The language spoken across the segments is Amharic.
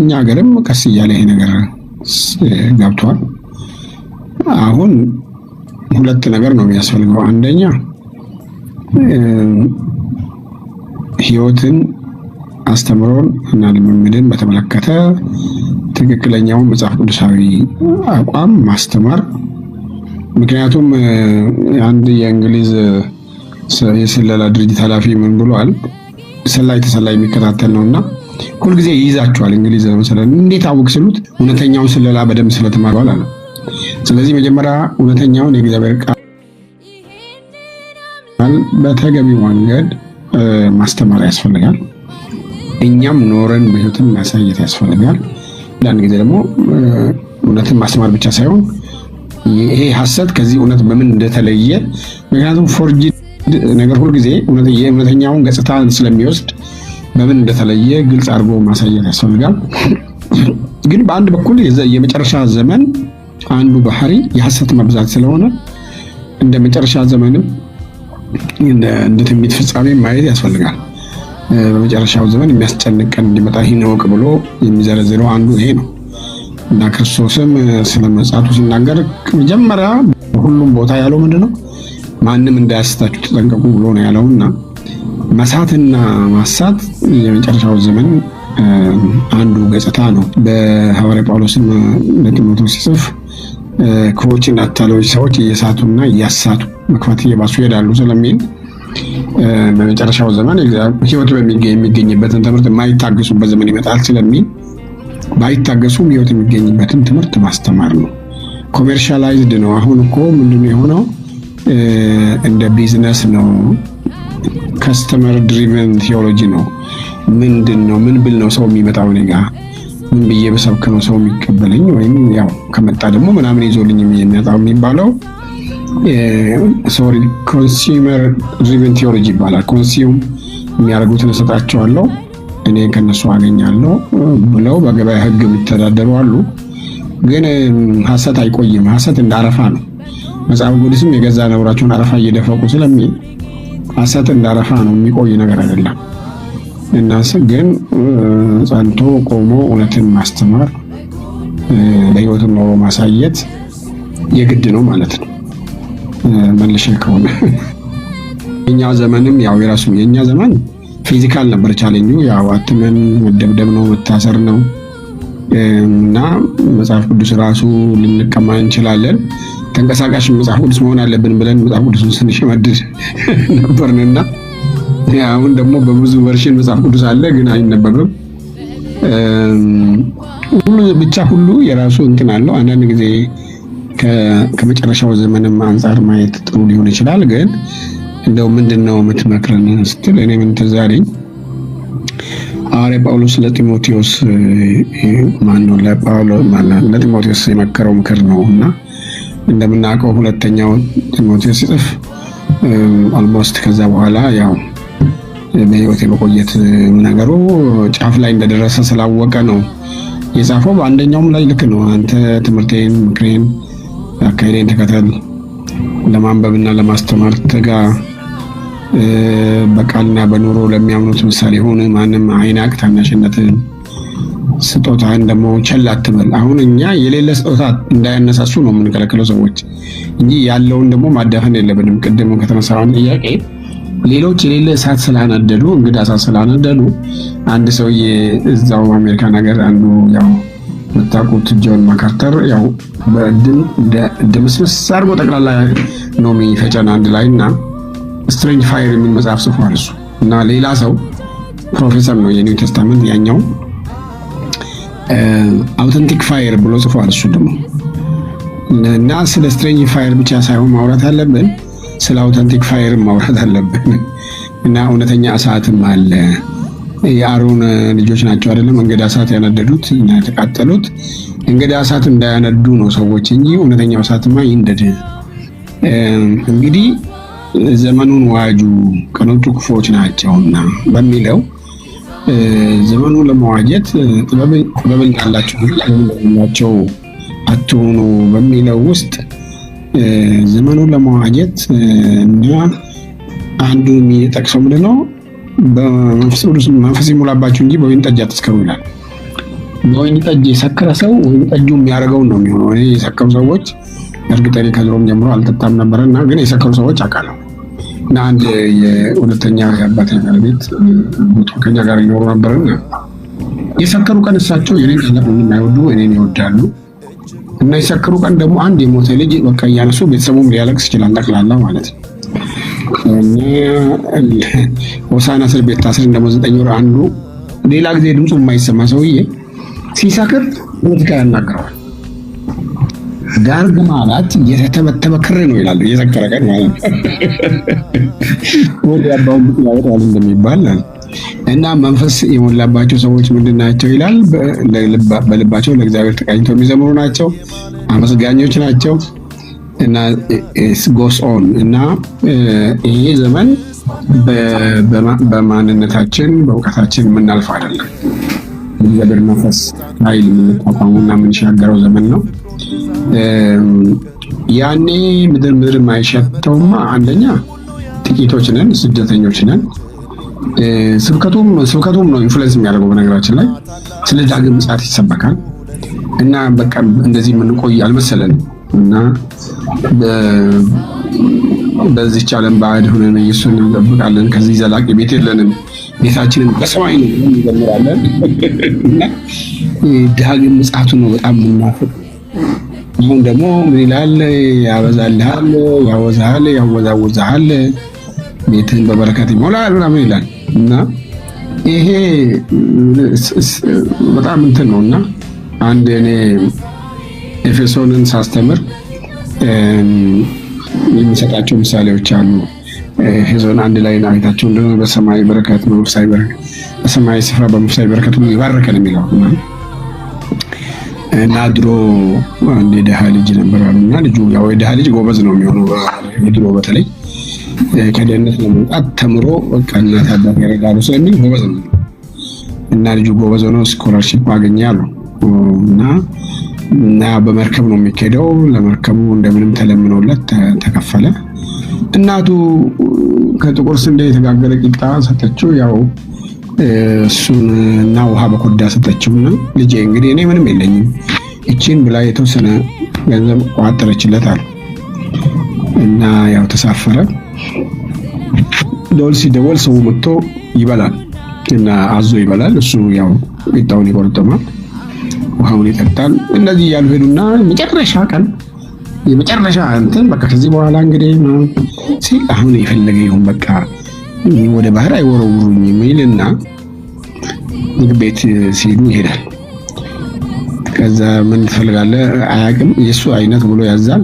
እኛ ሀገርም ቀስ እያለ ይሄ ነገር ገብቷል። አሁን ሁለት ነገር ነው የሚያስፈልገው። አንደኛ ህይወትን አስተምሮን እና ልምምድን በተመለከተ ትክክለኛውን መጽሐፍ ቅዱሳዊ አቋም ማስተማር። ምክንያቱም አንድ የእንግሊዝ የስለላ ድርጅት ኃላፊ ምን ብሏል? ሰላይ ተሰላይ የሚከታተል ነውና ሁልጊዜ ይይዛቸዋል። እንግሊዝ ለምሳሌ እንዴት አውቅ ስሉት እውነተኛውን ስለላ በደንብ ስለተማሯል አለ። ስለዚህ መጀመሪያ እውነተኛውን የእግዚአብሔር ቃል በተገቢ መንገድ ማስተማር ያስፈልጋል። እኛም ኖረን በህይወትን ማሳየት ያስፈልጋል። አንዳንድ ጊዜ ደግሞ እውነትን ማስተማር ብቻ ሳይሆን ይሄ ሀሰት ከዚህ እውነት በምን እንደተለየ ምክንያቱም ፎርጅድ ነገር ሁልጊዜ የእውነተኛውን ገጽታ ስለሚወስድ በምን እንደተለየ ግልጽ አድርጎ ማሳየት ያስፈልጋል። ግን በአንድ በኩል የመጨረሻ ዘመን አንዱ ባህሪ የሐሰት መብዛት ስለሆነ እንደ መጨረሻ ዘመንም እንደ ትንቢት ፍጻሜ ማየት ያስፈልጋል። በመጨረሻው ዘመን የሚያስጨንቀን እንዲመጣ ይህን እወቅ ብሎ የሚዘረዝረው አንዱ ይሄ ነው እና ክርስቶስም ስለ መጻቱ ሲናገር መጀመሪያ በሁሉም ቦታ ያለው ምንድን ነው? ማንም እንዳያስታችሁ ተጠንቀቁ ብሎ ነው ያለውና መሳትና ማሳት የመጨረሻው ዘመን አንዱ ገጽታ ነው። በሐዋርያ ጳውሎስን ለጢሞቴዎስ ሲጽፍ ክፎችና አታላዮች ሰዎች እየሳቱና እያሳቱ መክፋት እየባሱ ይሄዳሉ ስለሚል በመጨረሻው ዘመን ህይወት የሚገኝበትን ትምህርት የማይታገሱበት ዘመን ይመጣል ስለሚል ባይታገሱም ህይወት የሚገኝበትን ትምህርት ማስተማር ነው። ኮሜርሻላይዝድ ነው። አሁን እኮ ምንድነው የሆነው? እንደ ቢዝነስ ነው ከስተመር ድሪቨን ቴዎሎጂ ነው። ምንድን ነው ምን ብል ነው ሰው የሚመጣው እኔ ጋ ምን ብዬ በሰብክ ነው ሰው የሚቀበለኝ? ወይም ያው ከመጣ ደግሞ ምናምን ይዞልኝ የሚመጣው የሚባለው ሶሪ ኮንሱመር ድሪቨን ቴዎሎጂ ይባላል። ኮንሱም የሚያደርጉትን እሰጣቸዋለሁ እኔ ከነሱ አገኛለሁ ብለው በገበያ ህግ የሚተዳደሩ አሉ። ግን ሀሰት አይቆይም። ሀሰት እንደ አረፋ ነው። መጽሐፍ ቅዱስም የገዛ ነብራቸውን አረፋ እየደፈቁ ስለሚል እንደ አረፋ ነው የሚቆይ ነገር አይደለም። እናስ ግን ጸንቶ ቆሞ እውነትን ማስተማር ለህይወት ኖሮ ማሳየት የግድ ነው ማለት ነው። መልሼ ከሆነ የኛ ዘመንም ያው የራሱ የኛ ዘመን ፊዚካል ነበር ቻሌንጁ፣ ያው አትመን መደብደብ ነው መታሰር ነው እና መጽሐፍ ቅዱስ ራሱ ልንቀማ እንችላለን። ተንቀሳቃሽ መጽሐፍ ቅዱስ መሆን አለብን ብለን መጽሐፍ ቅዱስን ስንሸመድድ ነበርንና አሁን ደግሞ በብዙ ቨርሽን መጽሐፍ ቅዱስ አለ፣ ግን አይነበብም። ሁሉ ብቻ ሁሉ የራሱ እንትን አለው። አንዳንድ ጊዜ ከመጨረሻው ዘመንም አንጻር ማየት ጥሩ ሊሆን ይችላል። ግን እንደው ምንድን ነው የምትመክረን ስትል እኔ ምን ትዝ አለኝ ሐዋርያ ጳውሎስ ለጢሞቴዎስ ማነው ለጢሞቴዎስ የመከረው ምክር ነው እና እንደምናውቀው ሁለተኛው ጢሞቴዎስ ሲጽፍ አልሞስት ከዛ በኋላ ያው በህይወት የመቆየት ነገሩ ጫፍ ላይ እንደደረሰ ስላወቀ ነው የጻፈው። በአንደኛውም ላይ ልክ ነው። አንተ ትምህርቴን፣ ምክሬን፣ አካሄዴን ተከተል፣ ለማንበብና ለማስተማር ትጋ፣ በቃልና በኑሮ ለሚያምኑት ምሳሌ ሁን፣ ማንም አይናቅ ታናሽነትን ስጦታህን ደግሞ ቸል አትበል። አሁን እኛ የሌለ ስጦታ እንዳያነሳሱ ነው የምንከለክለው ሰዎች እንጂ ያለውን ደግሞ ማዳፈን የለብንም። ቅድም ከተነሳውን ጥያቄ ሌሎች የሌለ እሳት ስላነደዱ እንግዳ እሳት ስላነደዱ አንድ ሰውዬ እዛው አሜሪካ ነገር አንዱ ያው የምታውቁት ጆን ማካርተር ያው በድምስምስ አድርጎ ጠቅላላ ኖሚ ፈጨን አንድ ላይ እና ስትሬንጅ ፋይር የሚል መጽሐፍ ጽፏል እሱ እና ሌላ ሰው ፕሮፌሰር ነው የኒው ቴስታመንት ያኛው አውተንቲክ ፋየር ብሎ ጽፏል። እሱ ደግሞ እና ስለ ስትሬንጅ ፋየር ብቻ ሳይሆን ማውራት አለብን፣ ስለ አውተንቲክ ፋየር ማውራት አለብን። እና እውነተኛ እሳትም አለ። የአሮን ልጆች ናቸው አይደለም እንግዳ እሳት ያነደዱት እና የተቃጠሉት። እንግዳ እሳት እንዳያነዱ ነው ሰዎች እንጂ እውነተኛው እሳትማ ይንደድ። እንግዲህ ዘመኑን ዋጁ፣ ቀኖቹ ክፉዎች ናቸውና በሚለው ዘመኑ ለመዋጀት ጥበብን ያላቸው ላቸው አትሆኑ በሚለው ውስጥ ዘመኑ ለመዋጀት እና አንዱ የሚጠቅሰው ምንድን ነው? መንፈስ እንጂ በወይን ጠጅ አትስከሩ ይላል። በወይን ጠጅ የሰከረ ሰው ወይን ጠጁ የሚያደርገውን ነው የሚሆነው። የሰከሩ ሰዎች እርግጠኔ ከድሮም ጀምሮ አልጠጣም ነበረ እና ግን የሰከሩ ሰዎች አውቃለሁ እና አንድ የእውነተኛ የአባቴ ባለቤት ሞቶ ከኛ ጋር ይኖሩ ነበርና የሰከሩ ቀን እሳቸው የኔን ቀለብ የማይወዱ እኔን ይወዳሉ። እና የሰከሩ ቀን ደግሞ አንድ የሞተ ልጅ በቃ እያነሱ ቤተሰቡም ሊያለቅስ ይችላል ጠቅላላ ማለት ነው። ሆሳና እስር ቤት ታስር እንደሞ ዘጠኝ ወር አንዱ ሌላ ጊዜ ድምፁ የማይሰማ ሰውዬ ሲሰክር ሙዚቃ ያናግረዋል። ማለት የተተበተበ ክር ነው ይላሉ። እየሰከረ ቀን ማለት ወደ አባውን እንደሚባል እና መንፈስ የሞላባቸው ሰዎች ምንድን ናቸው ይላል። በልባቸው ለእግዚአብሔር ተቃኝተው የሚዘምሩ ናቸው፣ አመስጋኞች ናቸው። እና ጎስ ኦን እና ይሄ ዘመን በማንነታችን በእውቀታችን የምናልፈው አይደለም። እግዚአብሔር መንፈስ ኃይል የምንቋቋሙ እና የምንሻገረው ዘመን ነው። ያኔ ምድር ምድር የማይሸተውማ አንደኛ ጥቂቶች ነን፣ ስደተኞች ነን። ስብከቱም ስብከቱም ነው ኢንፍሉዌንስ የሚያደርገው በነገራችን ላይ ስለ ዳግም ምጽአት ይሰበካል እና በቃ እንደዚህ የምንቆይ አልመሰለን እና በዚች ዓለም ባዕድ ሆነን እየሱን እንጠብቃለን። ከዚህ ዘላቂ ቤት የለንም፣ ቤታችንን በሰማይ እንጀምራለን ዳግም ምጽአቱ ነው በጣም የምናፍቅ አሁን ደግሞ ምን ይላል? ያበዛልሃል፣ ያወዛሃል፣ ያወዛውዛሃል፣ ቤትህን በበረከት ይሞላል ምናምን ይላል እና ይሄ በጣም እንትን ነው እና አንድ እኔ ኤፌሶንን ሳስተምር የሚሰጣቸው ምሳሌዎች አሉ። ኤፌሶን አንድ ላይ አይታቸው እንደሆነ በሰማይ በረከት በመንፈሳዊ በረከት በሰማይ ስፍራ በመንፈሳዊ በረከት ሁሉ ይባረከን የሚለው እና ድሮ አንድ የድሃ ልጅ ነበር አሉና ልጁ ያው የድሃ ልጅ ጎበዝ ነው የሚሆነው። ድሮ በተለይ ከደህንነት ለመውጣት ተምሮ ከእናት አባት ያረዳሉ ስለሚል ጎበዝ ነው እና ልጁ ጎበዝ ሆኖ ስኮላርሽፕ አገኘ አሉ እና እና በመርከብ ነው የሚካሄደው። ለመርከቡ እንደምንም ተለምኖለት ተከፈለ። እናቱ ከጥቁር ስንዴ የተጋገረ ቂጣ ሰጠችው ያው እሱን እና ውሃ በኮዳ ሰጠችው እና ልጄ እንግዲህ እኔ ምንም የለኝም እቺን ብላ የተወሰነ ገንዘብ ቋጠረችለታል እና ያው ተሳፈረ። ደወል ሲደወል ሰው መጥቶ ይበላል እና አዞ ይበላል። እሱ ያው ቂጣውን ይቆርጠማል፣ ውሃውን ይጠጣል። እንደዚህ እያሉ ሄዱና መጨረሻ ቀን የመጨረሻ እንትን በቃ ከዚህ በኋላ እንግዲህ ሲል አሁን የፈለገ ይሁን በቃ ወደ ባህር አይወረውሩኝም ይልና ምግብ ቤት ሲሄዱ ይሄዳል። ከዛ ምን ትፈልጋለህ አያውቅም። የእሱ አይነት ብሎ ያዛል።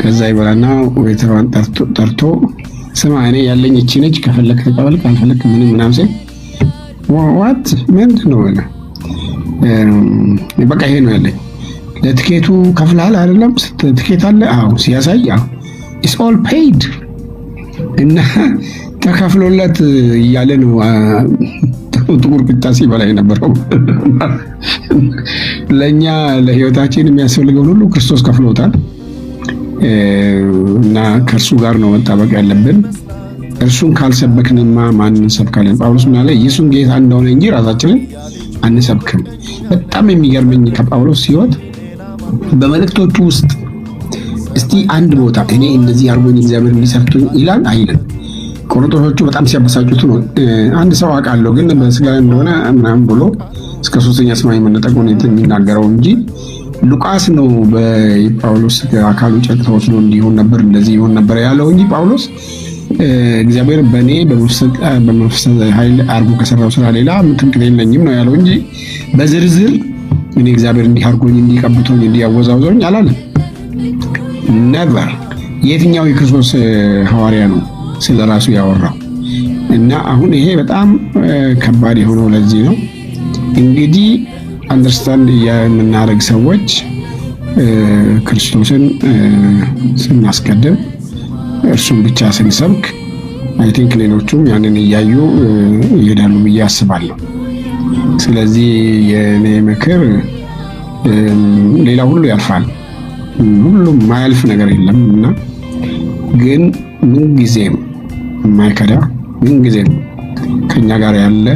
ከዛ ይበላና ወይተሯን ጠርቶ ስማ እኔ ያለኝ እቺ ነች፣ ከፈለክ ተቀበል፣ ካልፈለክ ምንም ምናምን ሲል ዋት ምንድን ነው በቃ ይሄ ነው ያለኝ። ለትኬቱ ከፍልሃል አይደለም? ትኬት አለ? አዎ። ሲያሳይ ኢትስ ኦል ፔይድ እና ተከፍሎለት እያለ ነው ጥቁር ቁጫ ሲበላ የነበረው ለእኛ ለህይወታችን የሚያስፈልገውን ሁሉ ክርስቶስ ከፍሎታል እና ከእርሱ ጋር ነው መጣበቅ ያለብን። እርሱን ካልሰበክንማ ማንን እንሰብካለን? ጳውሎስ ምናለ ኢየሱስ ጌታ እንደሆነ እንጂ ራሳችንን አንሰብክም። በጣም የሚገርመኝ ከጳውሎስ ህይወት በመልእክቶቹ ውስጥ እስቲ አንድ ቦታ እኔ እንደዚህ አርጎኝ እግዚአብሔር እንዲሰርቱኝ ይላል አይልም። ቆሮንቶሶቹ በጣም ሲያበሳጩት ነው። አንድ ሰው አውቃለሁ ግን በስጋ እንደሆነ ምናምን ብሎ እስከ ሶስተኛ ሰማይ መነጠቅ ሁኔታ የሚናገረው እንጂ ሉቃስ ነው በጳውሎስ አካሉ ጨርቅ ተወስዶ እንዲሆን ነበር እንደዚህ ይሆን ነበር ያለው እንጂ ጳውሎስ እግዚአብሔር በእኔ በመንፈሳዊ ኃይል አድርጎ ከሰራው ስራ ሌላ ትምክህት የለኝም ነው ያለው እንጂ በዝርዝር እኔ እግዚአብሔር እንዲህ አድርጎኝ እንዲቀብቶኝ እንዲያወዛውዘውኝ አላለም። ነበር የትኛው የክርስቶስ ሐዋርያ ነው? ስለ ራሱ ያወራው እና አሁን ይሄ በጣም ከባድ የሆነው ለዚህ ነው እንግዲህ አንደርስታንድ የምናደርግ ሰዎች ክርስቶስን ስናስቀድም እርሱን ብቻ ስንሰብክ አይ ቲንክ ሌሎቹም ያንን እያዩ ይሄዳሉ ብዬ አስባለሁ። ስለዚህ የኔ ምክር ሌላ ሁሉ ያልፋል፣ ሁሉም ማያልፍ ነገር የለም እና ግን ምንጊዜም የማይከዳ ምን ጊዜ ከእኛ ጋር ያለ